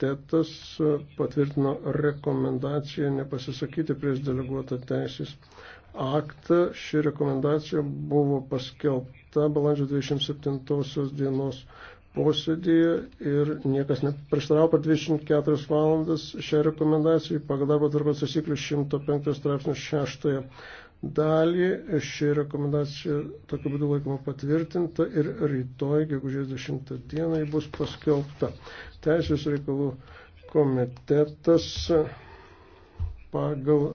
komitetas e, patvirtino rekomendaciją nepasisakyti prieš deleguotą teisės aktą. Ši rekomendacija buvo paskelbta balandžio 27 dienos posėdėje ir niekas neprieštaravo per 24 valandas šią rekomendaciją pagal darbo tvarkos taisyklių 105 straipsnių 6 dalį. Ši rekomendacija tokiu būdu laikoma patvirtinta ir rytoj, gegužės 10 dieną, ji bus paskelbta. Teisės reikalų komitetas pagal